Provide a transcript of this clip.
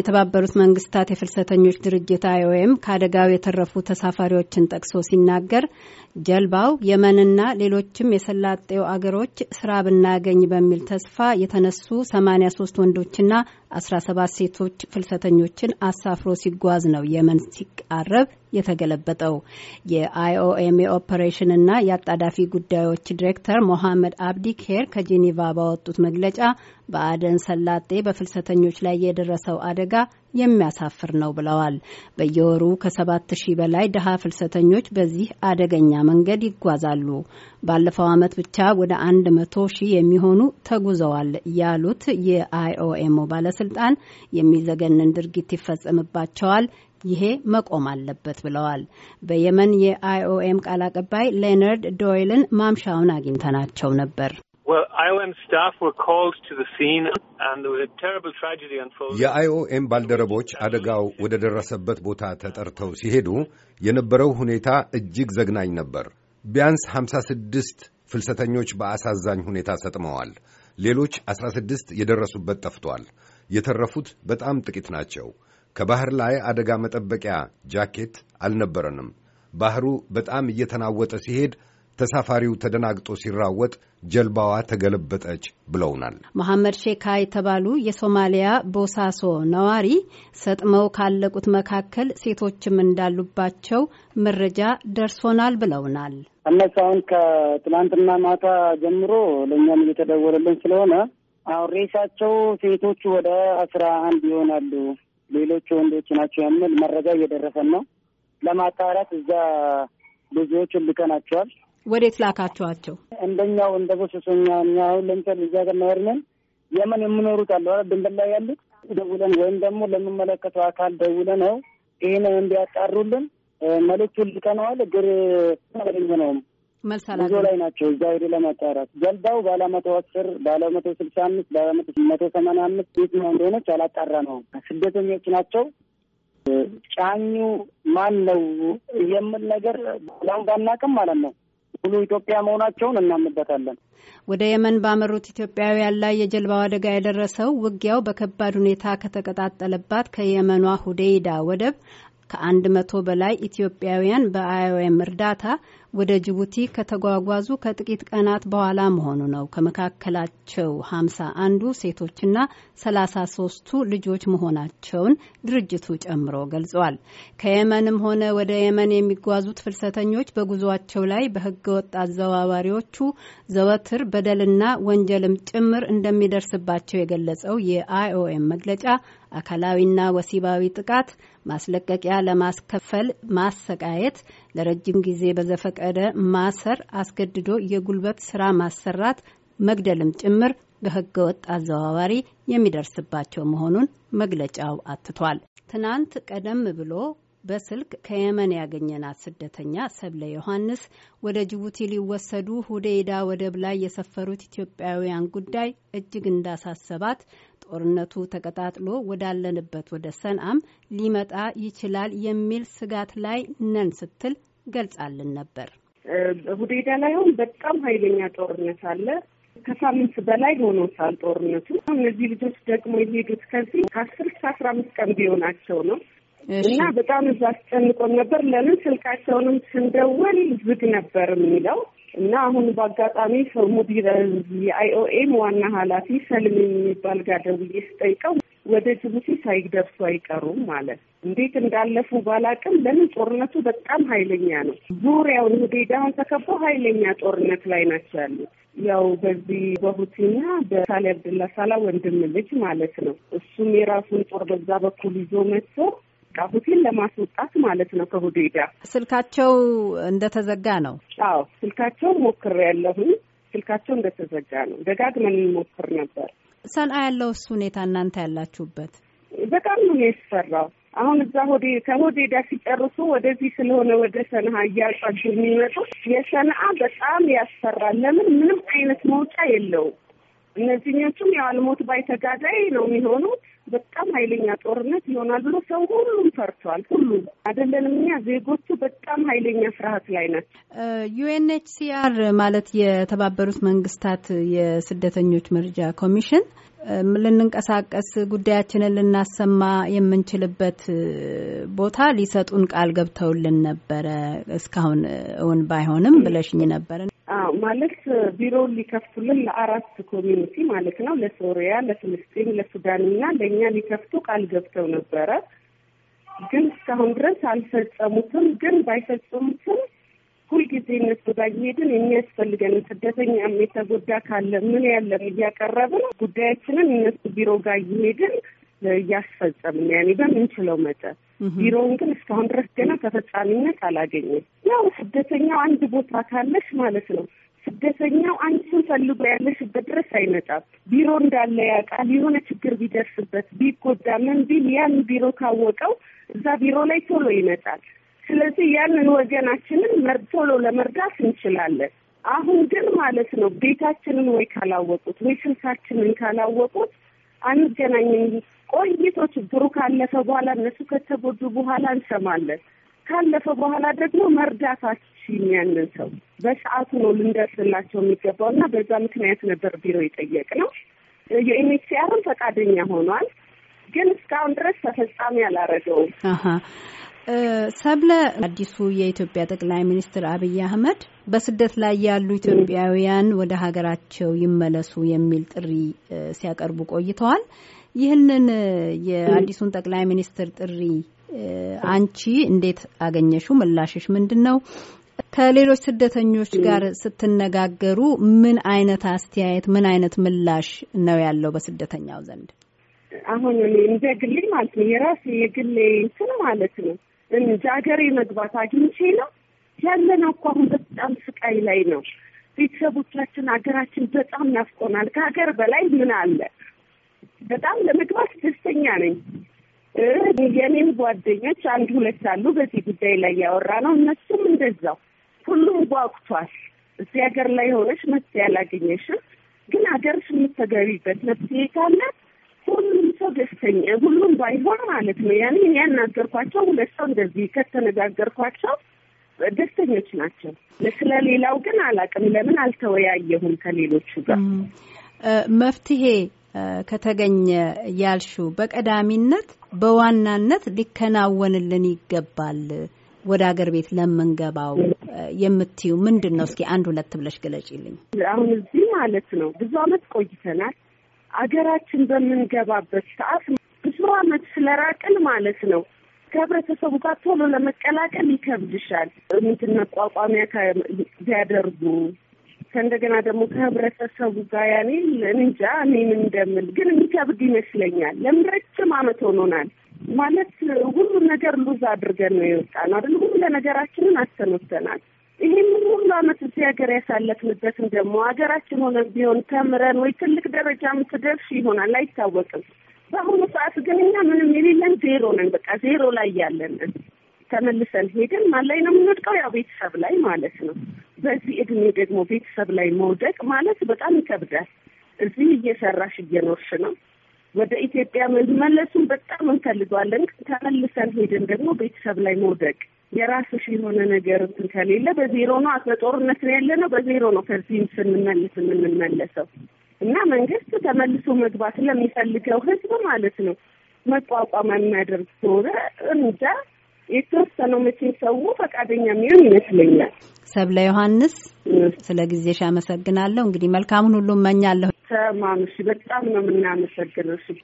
የተባበሩት መንግስታት የፍልሰተኞች ድርጅት አይኦኤም ከአደጋው የተረፉ ተሳፋሪዎችን ጠቅሶ ሲናገር ጀልባው የመንና ሌሎችም የሰላጤው አገሮች ስራ ብናገኝ በሚል ተስፋ የተነሱ 83 ወንዶችና 17 ሴቶች ፍልሰተኞችን አሳፍሮ ሲጓዝ ነው የመን ሲቃረብ የተገለበጠው። የአይኦኤም የኦፐሬሽንና የአጣዳፊ ጉዳዮች ዲሬክተር ሞሐመድ አብዲ ኬር ከጄኔቫ ባወጡት መግለጫ በአደን ሰላጤ በፍልሰተኞች ላይ የደረሰው አደጋ የሚያሳፍር ነው ብለዋል። በየወሩ ከሰባት ሺህ በላይ ድሃ ፍልሰተኞች በዚህ አደገኛ መንገድ ይጓዛሉ። ባለፈው ዓመት ብቻ ወደ አንድ መቶ ሺህ የሚሆኑ ተጉዘዋል ያሉት የአይኦኤም ባለስልጣን የሚዘገንን ድርጊት ይፈጸምባቸዋል ይሄ መቆም አለበት ብለዋል። በየመን የአይኦኤም ቃል አቀባይ ሌናርድ ዶይልን ማምሻውን አግኝተናቸው ነበር። የአይኦኤም ባልደረቦች አደጋው ወደ ደረሰበት ቦታ ተጠርተው ሲሄዱ የነበረው ሁኔታ እጅግ ዘግናኝ ነበር። ቢያንስ 56 ፍልሰተኞች በአሳዛኝ ሁኔታ ሰጥመዋል። ሌሎች 16 የደረሱበት ጠፍቷል። የተረፉት በጣም ጥቂት ናቸው። ከባህር ላይ አደጋ መጠበቂያ ጃኬት አልነበረንም። ባህሩ በጣም እየተናወጠ ሲሄድ ተሳፋሪው ተደናግጦ ሲራወጥ ጀልባዋ ተገለበጠች ብለውናል። መሐመድ ሼካ የተባሉ የሶማሊያ ቦሳሶ ነዋሪ ሰጥመው ካለቁት መካከል ሴቶችም እንዳሉባቸው መረጃ ደርሶናል ብለውናል። እነሱ አሁን ከትናንትና ማታ ጀምሮ ለእኛም እየተደወለልን ስለሆነ አሁን ሬሳቸው ሴቶቹ ወደ አስራ አንድ ይሆናሉ ሌሎች ወንዶች ናቸው የሚል መረጃ እየደረሰን ነው። ለማጣራት እዛ ብዙዎች ልከናቸዋል። ወዴት ላካቸዋቸው? እንደኛው እንደ ቦሶሶኛ ሁን ለምሳሌ እዛ ጋር ናወርነን የመን የምኖሩት አለ ድንበር ላይ ያሉት ደውለን ወይም ደግሞ ለሚመለከተው አካል ደውለ ነው ይህን እንዲያጣሩልን መልእክቱን ልከነዋል። እግር ነው መልስ ጉዞ ላይ ናቸው። እዛ ሄዶ ለማጣራት ጀልባው ባለ መቶ አስር ባለ መቶ ስልሳ አምስት ባለ መቶ ሰማንያ አምስት ቤት ነው እንደሆነች አላጣራ ነው። ስደተኞች ናቸው። ጫኙ ማን ነው የምል ነገር ላሁን ባናቅም ማለት ነው ሙሉ ኢትዮጵያ መሆናቸውን እናምንበታለን። ወደ የመን ባመሩት ኢትዮጵያውያን ላይ የጀልባው አደጋ የደረሰው ውጊያው በከባድ ሁኔታ ከተቀጣጠለባት ከየመኗ ሁዴይዳ ወደብ ከአንድ መቶ በላይ ኢትዮጵያውያን በአይኦኤም እርዳታ ወደ ጅቡቲ ከተጓጓዙ ከጥቂት ቀናት በኋላ መሆኑ ነው። ከመካከላቸው ሀምሳ አንዱ ሴቶችና ሰላሳ ሶስቱ ልጆች መሆናቸውን ድርጅቱ ጨምሮ ገልጿል። ከየመንም ሆነ ወደ የመን የሚጓዙት ፍልሰተኞች በጉዟቸው ላይ በህገወጥ አዘዋዋሪዎቹ ዘወትር በደልና ወንጀልም ጭምር እንደሚደርስባቸው የገለጸው የአይኦኤም መግለጫ አካላዊና ወሲባዊ ጥቃት፣ ማስለቀቂያ ለማስከፈል ማሰቃየት ለረጅም ጊዜ በዘፈቀደ ማሰር፣ አስገድዶ የጉልበት ስራ ማሰራት፣ መግደልም ጭምር በህገወጥ አዘዋዋሪ የሚደርስባቸው መሆኑን መግለጫው አትቷል። ትናንት ቀደም ብሎ በስልክ ከየመን ያገኘናት ስደተኛ ሰብለ ዮሐንስ ወደ ጅቡቲ ሊወሰዱ ሁዴይዳ ወደብ ላይ የሰፈሩት ኢትዮጵያውያን ጉዳይ እጅግ እንዳሳሰባት ጦርነቱ ተቀጣጥሎ ወዳለንበት ወደ ሰንአም ሊመጣ ይችላል የሚል ስጋት ላይ ነን ስትል ገልጻልን ነበር። ሁዴዳ ላይ አሁን በጣም ኃይለኛ ጦርነት አለ። ከሳምንት በላይ ሆኖታል ጦርነቱ። እነዚህ ልጆች ደግሞ የሄዱት ከዚህ ከአስር እስከ አስራ አምስት ቀን ቢሆናቸው ነው። እና በጣም እዛ አስጨንቆን ነበር። ለምን ስልካቸውንም ስንደወል ዝግ ነበር የሚለው እና አሁን በአጋጣሚ ሰው ሙዲረ የአይኦኤም ዋና ኃላፊ ሰልም የሚባል ጋር ደውዬ ስጠይቀው ወደ ጅቡቲ ሳይደርሱ አይቀሩም ማለት እንዴት እንዳለፉ ባላቅም፣ ለምን ጦርነቱ በጣም ኃይለኛ ነው። ዙሪያውን ሁዴዳውን ተከቦ ኃይለኛ ጦርነት ላይ ናቸው ያሉት። ያው በዚህ በሁቲና በሳሌ አብድላ ሳላ ወንድም ልጅ ማለት ነው። እሱም የራሱን ጦር በዛ በኩል ይዞ መጥቶ በቃ ሆቴል ለማስወጣት ማለት ነው ከሆዴዳ ስልካቸው እንደተዘጋ ነው። አዎ ስልካቸው ሞክር ያለሁኝ ስልካቸው እንደተዘጋ ነው። ደጋግመን ሞክር ነበር። ሰንአ ያለው እሱ ሁኔታ እናንተ ያላችሁበት በጣም ነው የሚያስፈራው። አሁን እዛ ሆዴ ከሆዴዳ ሲጨርሱ ወደዚህ ስለሆነ ወደ ሰንሀ እያልፋችሁ የሚመጡ የሰንአ በጣም ያስፈራል። ለምን ምንም አይነት መውጫ የለውም። እነዚህኞቹም የአልሞት ባይ ተጋዳይ ነው የሚሆኑት። በጣም ኃይለኛ ጦርነት ይሆናል ብሎ ሰው ሁሉም ፈርቷል። ሁሉም አይደለንም እኛ ዜጎቹ በጣም ኃይለኛ ፍርሃት ላይ ናቸው። ዩኤንኤችሲአር ማለት የተባበሩት መንግስታት የስደተኞች መርጃ ኮሚሽን ልንንቀሳቀስ ጉዳያችንን ልናሰማ የምንችልበት ቦታ ሊሰጡን ቃል ገብተውልን ነበረ። እስካሁን እውን ባይሆንም ብለሽኝ ነበረ። ማለት ቢሮውን ሊከፍቱልን ለአራት ኮሚኒቲ ማለት ነው ለሶሪያ፣ ለፍልስጤን፣ ለሱዳን እና ለእኛ ሊከፍቱ ቃል ገብተው ነበረ። ግን እስካሁን ድረስ አልፈጸሙትም። ግን ባይፈጸሙትም ሁልጊዜ እነሱ ጋር እየሄድን ስደተኛ ስደተኛም የተጎዳ ካለ ምን ያለም እያቀረብን ጉዳያችንን እነሱ ቢሮ ጋር እየሄድን እያስፈጸምን ያኔ በምንችለው መጠን ቢሮውን ግን እስካሁን ድረስ ገና ተፈጻሚነት አላገኘም። ያው ስደተኛው አንድ ቦታ ካለሽ ማለት ነው ስደተኛው አንቺን ፈልጎ ያለሽበት ድረስ አይመጣም። ቢሮ እንዳለ ያውቃል። የሆነ ችግር ቢደርስበት ቢጎዳ ምን ቢል ያን ቢሮ ካወቀው እዛ ቢሮ ላይ ቶሎ ይመጣል። ስለዚህ ያንን ወገናችንን ቶሎ ለመርዳት እንችላለን። አሁን ግን ማለት ነው ቤታችንን ወይ ካላወቁት ወይ ስልሳችንን ካላወቁት አንገናኝም። ቆይቶ ችግሩ ካለፈ በኋላ እነሱ ከተጎዱ በኋላ እንሰማለን። ካለፈ በኋላ ደግሞ መርዳታችን ያንን ሰው በሰዓቱ ነው ልንደርስላቸው የሚገባው እና በዛ ምክንያት ነበር ቢሮ የጠየቅነው። የኤንኤችሲአርም ፈቃደኛ ሆኗል፣ ግን እስካሁን ድረስ ተፈጻሚ አላረገውም። ሰብለ አዲሱ የኢትዮጵያ ጠቅላይ ሚኒስትር አብይ አህመድ በስደት ላይ ያሉ ኢትዮጵያውያን ወደ ሀገራቸው ይመለሱ የሚል ጥሪ ሲያቀርቡ ቆይተዋል። ይህንን የአዲሱን ጠቅላይ ሚኒስትር ጥሪ አንቺ እንዴት አገኘሹ? ምላሽሽ ምንድን ነው? ከሌሎች ስደተኞች ጋር ስትነጋገሩ ምን አይነት አስተያየት፣ ምን አይነት ምላሽ ነው ያለው በስደተኛው ዘንድ? አሁን እንደ ግሌ ማለት ነው የራሴ የግሌ እንትን ማለት ነው እንጂ ሀገሬ መግባት አግኝቼ ነው ያለነው እኮ አሁን በጣም ስቃይ ላይ ነው። ቤተሰቦቻችን ሀገራችን በጣም ናፍቆናል። ከሀገር በላይ ምን አለ? በጣም ለመግባት ደስተኛ ነኝ። የኔም ጓደኞች አንድ ሁለት አሉ በዚህ ጉዳይ ላይ ያወራ ነው። እነሱም እንደዛው ሁሉም ጓጉቷል። እዚህ ሀገር ላይ ሆነች መፍትሄ አላገኘሽም፣ ግን ሀገርሽ የምትገቢበት መፍትሄ ካላት ሁሉም ሰው ደስተኛ ሁሉም ባይሆን ማለት ነው። ያን ያናገርኳቸው ሁለት ሰው እንደዚህ ከተነጋገርኳቸው ደስተኞች ናቸው። ስለሌላው ግን አላውቅም። ለምን አልተወያየሁም ከሌሎቹ ጋር መፍትሄ ከተገኘ ያልሹ በቀዳሚነት በዋናነት ሊከናወንልን ይገባል ወደ አገር ቤት ለምንገባው የምትዩ ምንድን ነው? እስኪ አንድ ሁለት ብለሽ ገለጭልኝ። አሁን እዚህ ማለት ነው ብዙ አመት ቆይተናል። አገራችን በምንገባበት ሰዓት ብዙ አመት ስለራቅን ማለት ነው ከህብረተሰቡ ጋር ቶሎ ለመቀላቀል ይከብድሻል። እምትን መቋቋሚያ ቢያደርጉ ከእንደገና ደግሞ ከህብረተሰቡ ጋር ያኔ እንጃ እኔ እንደምል ግን የሚከብድ ይመስለኛል። ለምን ረጅም አመት ሆኖናል ማለት ሁሉ ነገር ሉዝ አድርገን ነው የወጣ ነው አይደል? ሁሉ ለነገራችንን አስተኖተናል። ይህንን ሁሉ አመት እዚህ ሀገር ያሳለፍንበትም ደግሞ ሀገራችን ሆነን ቢሆን ተምረን ወይ ትልቅ ደረጃ ምትደርሽ ይሆናል አይታወቅም። በአሁኑ ሰዓት ግን እኛ ምንም የሌለን ዜሮ ነን። በቃ ዜሮ ላይ ያለን ተመልሰን ሄደን ማን ላይ ነው የምንወድቀው? ያው ቤተሰብ ላይ ማለት ነው። በዚህ እድሜ ደግሞ ቤተሰብ ላይ መውደቅ ማለት በጣም ይከብዳል። እዚህ እየሰራሽ እየኖርሽ ነው። ወደ ኢትዮጵያ መመለሱን በጣም እንፈልገዋለን። ተመልሰን ሄደን ደግሞ ቤተሰብ ላይ መውደቅ የራስሽ የሆነ ነገር እንትን ከሌለ በዜሮ ነው። በጦርነት ነው ያለ ነው፣ በዜሮ ነው ከዚህም ስንመልስ የምንመለሰው እና መንግስት ተመልሶ መግባት ለሚፈልገው ህዝብ ማለት ነው መቋቋም የሚያደርግ ከሆነ እንጃ የተወሰነው መቼም ሰው ፈቃደኛ የሚሆን ይመስለኛል። ሰብለ ዮሐንስ ስለ ጊዜሽ አመሰግናለሁ። እንግዲህ መልካሙን ሁሉ እመኛለሁ። ተማምሽ በጣም ነው የምናመሰግነው።